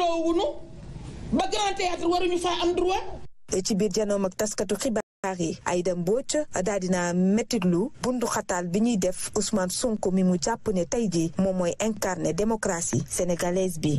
loo wunu ba grand théâtre waruñu faa am droit ci biir janomak taskatu xibaar yi Aïda Mbodj daal dina mettitlu bundu bi ñuy def Ousmane Sonko mi mu jàpp ne tey ji moom mooy incarné démocratie sénégalaise bi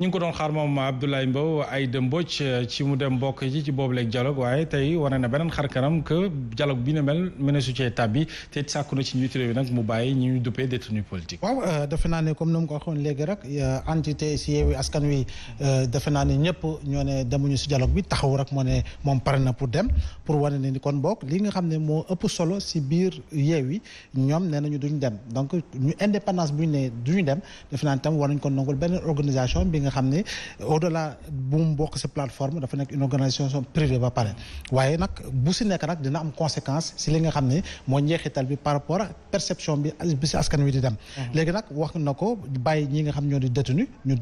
ñu ngi ko doon xaar moom Abdoulaye Mbow ay dëmboc ci mu dem bokk ci ci boobu leeg dialogue waaye tey wane na beneen xar kanam que dialogue bi ne mel mëne su cee tàbbi te sàkku na ci njiitu réew bi nag mu bàyyi ñu ñu duppee détenu politique waaw euh, defe naa ne comme ni mu ko waxoon léegi rek euh, entité si yeewi askan wi euh, defe naa ne ñëpp ñoo ne demuñu si dialogue bi taxaw rek moo ne moom pare na pour dem pour wane ne ni kon bokk li nga xam ne moo ëpp solo si biir yeewi ñoom nee nañu duñ dem donc ñu indépendance bu ne duñu dem defe naa ne war nañ ko nangul benn organisation nga xam ne au delà bu mu bokk si plateforme dafa nekk une organisation privée ba pare waaye nag bu si nekk nag dina am conséquence si li nga xam ne moo njeexital bi par rapport ak perception bi bi askan wi di dem léegi nag wax na ko bàyyi ñi nga xam ñoo di détenu ñu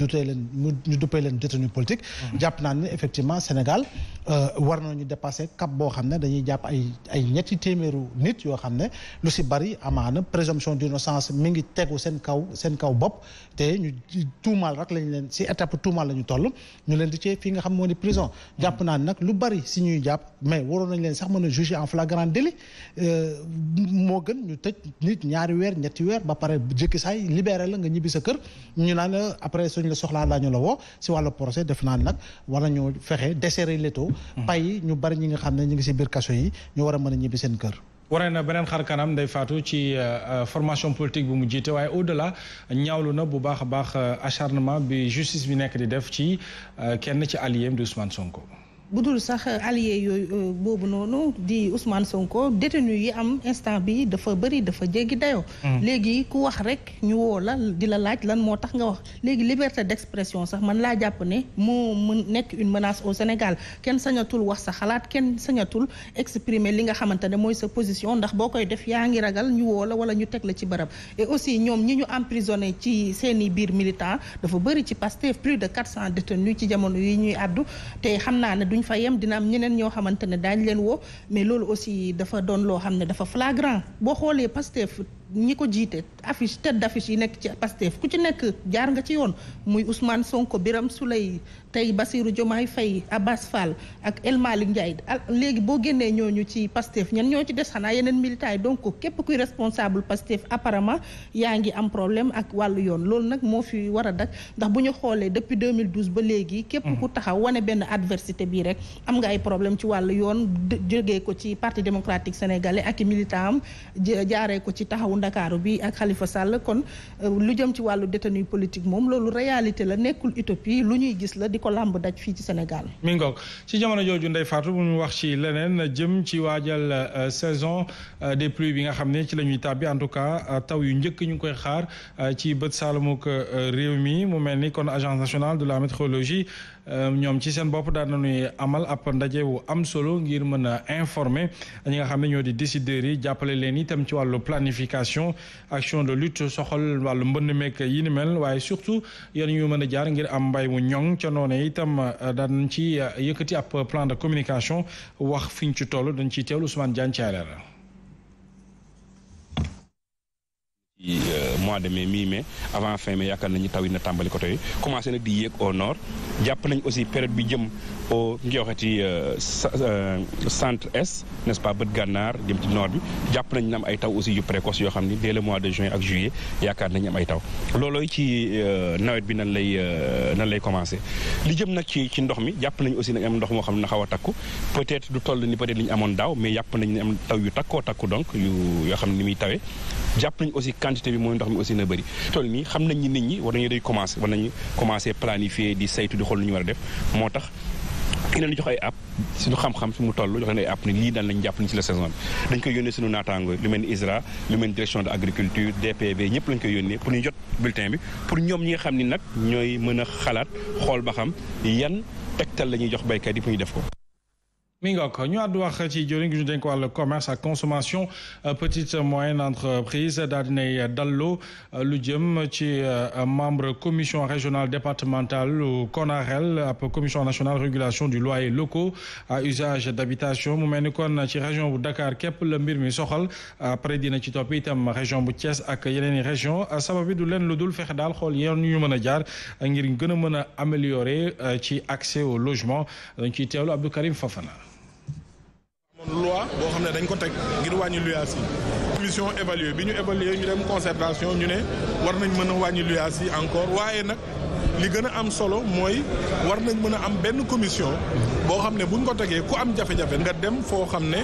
duppee leen détenu politique jàpp naa ne effectivement Sénégal euh, war nañu dépassé cap boo xam ne dañuy jàpp ay ñetti téeméeru nit yoo xam ne lu si bari amaana présomption d'innocence mi ngi te ñu tuumaal rek lañ leen étape tuumaal la ñu toll ñu leen di ci fii nga xam moo ni prison jàpp naa nag lu bari si ñuy jàpp mais waroon nañ leen sax mën a juger en flagrant délit euh, moo gën ñu tëj nit ñaari weer ñetti weer ba pare jëkki saay libéré la nga ñibbi sa kër ñu naan après suñ la soxlaa daañu la woo si wàllu procès def naa nag war nañoo fexe desserrer l'étau hmm. pay ñu bari ñi nga xam ne ñu ngi si biir kaso yi ñu war a mën a ñibbi seen kër waree na beneen xar kanam nday faatu ci euh, euh, formation politique bu mu jiite waaye au delà ñaawlu na bu baax a baax euh, acharnement bi justice bi nekk di def ci kenn ci alliéem di Ousmane Sonko. bu dul sax allié yooyu euh, boobu noonu di Ousmane Sonko détenu yi am instant bi dafa bëri dafa jéggi dayoo. Hmm. léegi ku wax rek ñu woo la di la laaj lan moo tax nga wax léegi liberté d'expression sax man laa jàpp ne moo mën nekk une menace Sénégal kenn sañatul wax sa xalaat kenn sañatul exprimer li nga xamante ne mooy sa position ndax boo koy def yaa ngi ragal ñu woo la wala ñu teg la ci barab aussi ñoom ñi ñu emprisonné ci seeni biir militant dafa bari ci Pastef plus de quatre cent détenus ci jamono yi ñuy àddu te xam naa ne duñ fa yem dina am ñeneen ñoo xamante ne daañ leen woo mais loolu aussi dafa doon loo xam ne dafa flagrant boo xoolee Pastef ñi ko jiite affiche tête d'affiche yi nekk ci Pastef ku ci nekk jaar nga ci yoon muy Ousmane Sonko Biram Souley tey Bassirou Diomaye Faye Abass Fall ak El Malick Ndiaye léegi boo génnee ñooñu ci Pastef ñan ñoo ci des xanaa yeneen militants yi donc képp kuy responsable Pastef apparemment yaa ngi am problème ak wàll yoon loolu nag moo fi war a dak ndax bu ñu xoolee depuis 2012 ba léegi képp ku mhm. taxaw wane benn adversité bii rek am nga ay problème ci wàll yoon jógee ko ci Parti démocratique sénégalais ak i militant jaare ko ci taxawu ndakaaru bi ak Khalifa Sall kon euh, lu jëm ci wàllu détenu politique moom loolu réalité la nekkul ko làmb daj fii ci Sénégal. mi ngoog ci jamono jooju Ndeye Fatou bu ñu wax ci leneen jëm ci waajal euh, saison euh, des pluies bi nga xam ne ci la ñuy tàbbi en tout cas euh, taw yu njëkk ñu ngi koy xaar ci bët saalumuk réew mi mu mel ni kon agence nationale de la métrologie Euh, ñoom ci seen bopp daan amal ab ndaje wu am solo ngir mën a informer ñi nga xam ne ñoo di décideurs yi jàppale leen itam ci wàllu planification action de lutte soxal wàllu mbënn meek yi mel waaye surtout yéen ñu mën a jaar ngir am mbay mu ñoŋ ca noonu itam euh, daan ci euh, yëkkati ab plan de communication wax fiñ ci toll dañ ciy teewlu Ousmane Diagne ci mois de mais mi mais avant fin mai yaakaar nañu taw yi na tàmbali côté yi commencé na di yéeg au nord jàpp nañ aussi période bi jëm au ngi waxati euh, euh, centre est n'est-ce pas bët gànnaar jëm ci nord bi jàpp nañ na am ay taw aussi yu précoce yoo xam ni le mois de juin ak juillet yaakaar nañu am ay taw loolooy ci euh, nawet bi nan lay nan lay commencé li jëm nag ci ci ndox mi jàpp nañ aussi nañ am ndox moo xam ne xaw a takku peut-être du toll ni peut-être li ñu amoon daaw mais yàpp nañ ne am taw yu takkoo takku donc yoo xam ne ni muy tawee jàpp nañ aussi quantité bi mooy ndox aussi na bëri toll nii xam nañ ni nit ñi war nañu day commencé war nañu commencé planifier di saytu di xool lu ñu war a def moo tax ki leen jox ay app suñu xam-xam fi mu toll jox leen ay app ni lii daan lañ jàpp ni ci la saison bi dañ koy yónnee suñu naataango lu mel ni ISRA lu mel ni direction de agriculture DPV ñëpp lañ koy yónnee pour ñu jot bulletin bi pour ñoom ñi nga xam ni nag ñooy mën a xalaat xool ba xam yan tegtal lañuy ñuy jox baykat yi pour ñu def ko mi ngook ñu àddu wax ci jëriñ gi ñu dénk wàllu commerce ak consommation euh, petite moyenne daal dinay dallu euh, lu jëm ci euh, membre commission régionale départementale lu CONAREL ab commission nationale régulation du loyer locaux à usage d'habitation mu mel ni kon ci région bu Dakar képp la mbir mi soxal après dina ci topp itam région bu Thiès ak yeneen i région sabab bi du leen lu dul fexe daal xool yoon ñu mën a jaar ngir gën a mën a améliorer ci accès au logement ci ciy teewlu Karim Fofana boo xam ne dañ ko teg ngir wàññi luyaas yi commission évaluée bi ñu évalué ñu dem concertation ñu ne war nañ mën a wàññi luyaas yi encore waaye nag li gën a am solo mooy war nañ mën a am benn commission boo xam ne buñ ko tegee ku am jafe-jafe nga dem foo xam ne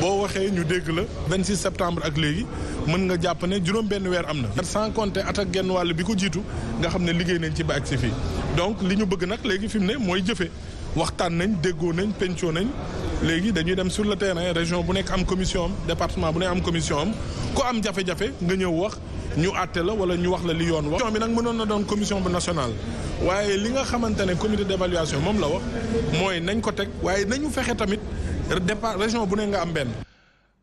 boo waxee ñu dégg la 26 septembre ak léegi mën nga jàpp ne juróom benn weer am na sans at ak genn wàll bi ko jiitu nga xam ne liggéey nañ ci ba si fii donc li ñu bëgg nag léegi fi mu ne mooy jëfe waxtaan nañ déggoo nañ pencoo nañ léegi dañuy dem sur le terrain région bu nekk am commission am département bu nekk am commission am ku am jafe-jafe nga ñëw wax ñu àtte la wala ñu wax la li yoon wax. commission nag mënoon na doon commission bu nationale waaye li nga xamante ne comité d'évaluation moom la wax mooy nañ ko teg waaye nañu fexe tamit départ région bu nekk nga am benn.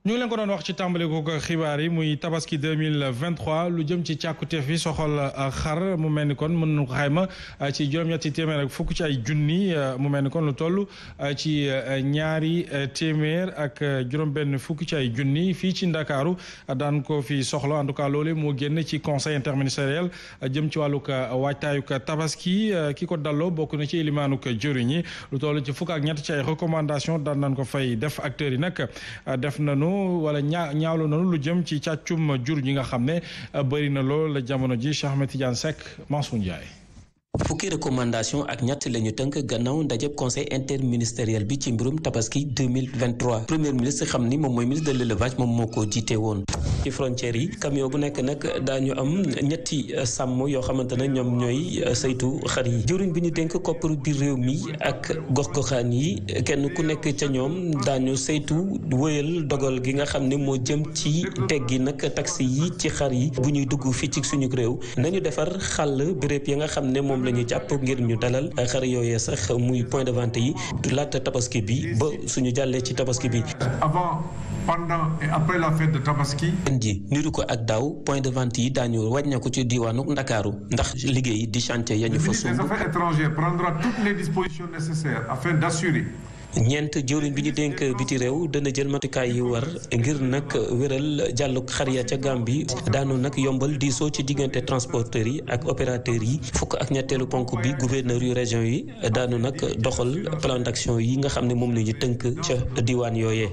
ñu ngi leen ko doon wax ci tàmbali googu xibaar yi muy tabaski deux mille vingt lu jëm ci càkkutéef yi soxal euh, xar mu mel ni kon mën na ko xayma euh, ci juróom-ñetti téeméer ak fukk ci ay junni euh, mu mel ni kon lu toll ci ñaari téeméer ak juróom-benn fukk ci ay junni fii ci ndakaaru daan ko fi soxla en tout cas loole moo génn ci conseil interministériel jëm ci wàllug waajtaayug tabaski ki ko dalloo bokk na ci ilimaanug jëriñ yi lu toll ci fukk ak ñett ci ay recommandations daan nañ ko fay def acteurs yi nag def nañu. nañu wala ñaa ñaawlu nañu lu jëm ci càccum jur ñi nga xam ne euh, bëri na lool la jamono ji Cheikh Ahmed Tidiane Seck Mansour Ndiaye fukki recommandation ak ñett la ñu tënk gannaaw ndajeb conseil interministériel bi ci mbirum tabaski 2023 premier ministre xam ni moom mooy ministre de l'élevage moom moo ko jiite woon ci frontières yi camion bu nekk nag daañu am ñetti euh, sàmm yoo xamante ne ñoom ñooy euh, saytu xar yi jëriñ bi ñu dénk koppar biir réew mi ak gox-goxaan yi kenn ku nekk ca ñoom daañu saytu wëyal dogal gi nga xam ne moo jëm ci teggi nag taxi yi ci xar yi bu ñuy dugg fii ci suñu réew ñoom la ñu jàpp ngir ñu dalal xar yooyee sax muy point de vente yi laata tabaski bi ba suñu jàllee ci tabaski bi. avant pendant et après la fête de tabaski. ji niru ko ak daaw point de vente yi daañu wàññeeku ci diiwaanu Ndakaaru ndax liggéey di chantier yañu fa. sumb prendra toutes les dispositions nécessaires afin d'assurer ñeent jëwriñ bi ñu dénk biti réew dana jël matikaay yi war ngir nag wéral jàlluk xar ya ca Gàmbi daanu nag yombal diisoo ci diggante transporteurs yi ak opérateurs yi fukk ak ñetteelu ponk bi gouverneur yu région yi daanu nag doxal plan yi nga xam ne moom la ñu tënk diwaan yooyee.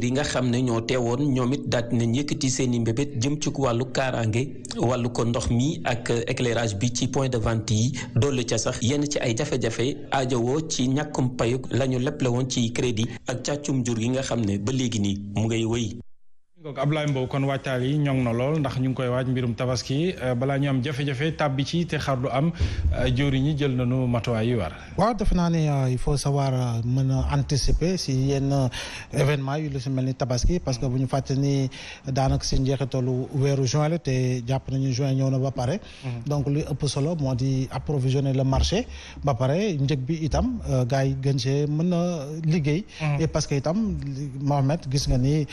yi nga xam ne ñoo teewoon ñoom it daal nañ yëkkati seen i mbébét jëm ci wàllu kaaraange wàllu ko ndox mi ak éclairage bi ci point de vente yi dolli ca sax yenn ci ay jafe-jafe aajowoo ci ñàkkum payuk la ñu leble woon ci crédit ak càccum jur gi nga xam ne ba léegi nii mu ngay wéy kooku Ablaye Mbow kon waajtaal yi ñoŋ na lool ndax ñu ngi koy waaj mbirum tabaski euh, balaa ñu am jafe-jafe tàbbi ci te xar du am euh, jëwriñ ñi jël nañu matuwaay yu war. waaw defe naa ne euh, il faut savoir mën a anticiper si yenn événement yu lu si mel ni tabaski parce que bu ñu fàtte ni daanaka si njeexitalu weeru juin la te jàpp nañu juin ñëw na ba pare. Mhm. donc moo di approvisionner le marché ba pare njëg bi itam gars yi gën see mën a liggéey. Mhm. et itam Mohamed gis nga ni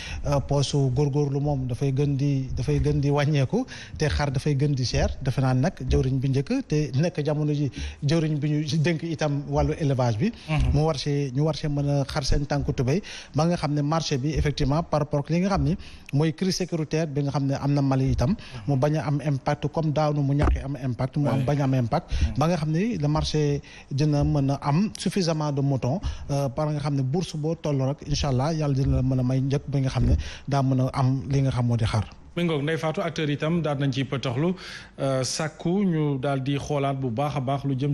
poche góorgóorlu moom dafay gën di dafay gën di wàññeeku te xar dafay gën di cher defe naa nag jëwriñ bi njëkk te nekk jamono ji jëwriñ bi ñu dénk itam wàllu élevage bi mhm. mu war see ñu war see mën a xar seen tànku tubéy ba nga xam ne marché bi effectivement par rapport li nga xam ne mooy crise sécuritaire bi nga xam ne am na Mali itam mhm. mu bañ a am impact comme daanu mu ñàkk am impact mu am bañ am impact mhm. ba nga xam ne le marché a mën a am suffisamment de mouton euh, par nga xam ne bourse boo toll a may njëkk bi nga xam ne am li nga xam moo di xar. mingoog Ndeye Fatou acteurs itam daal nañ ci pëtaxlu euh, sàkku ñu daal di xoolaat bu baax a baax lu jëm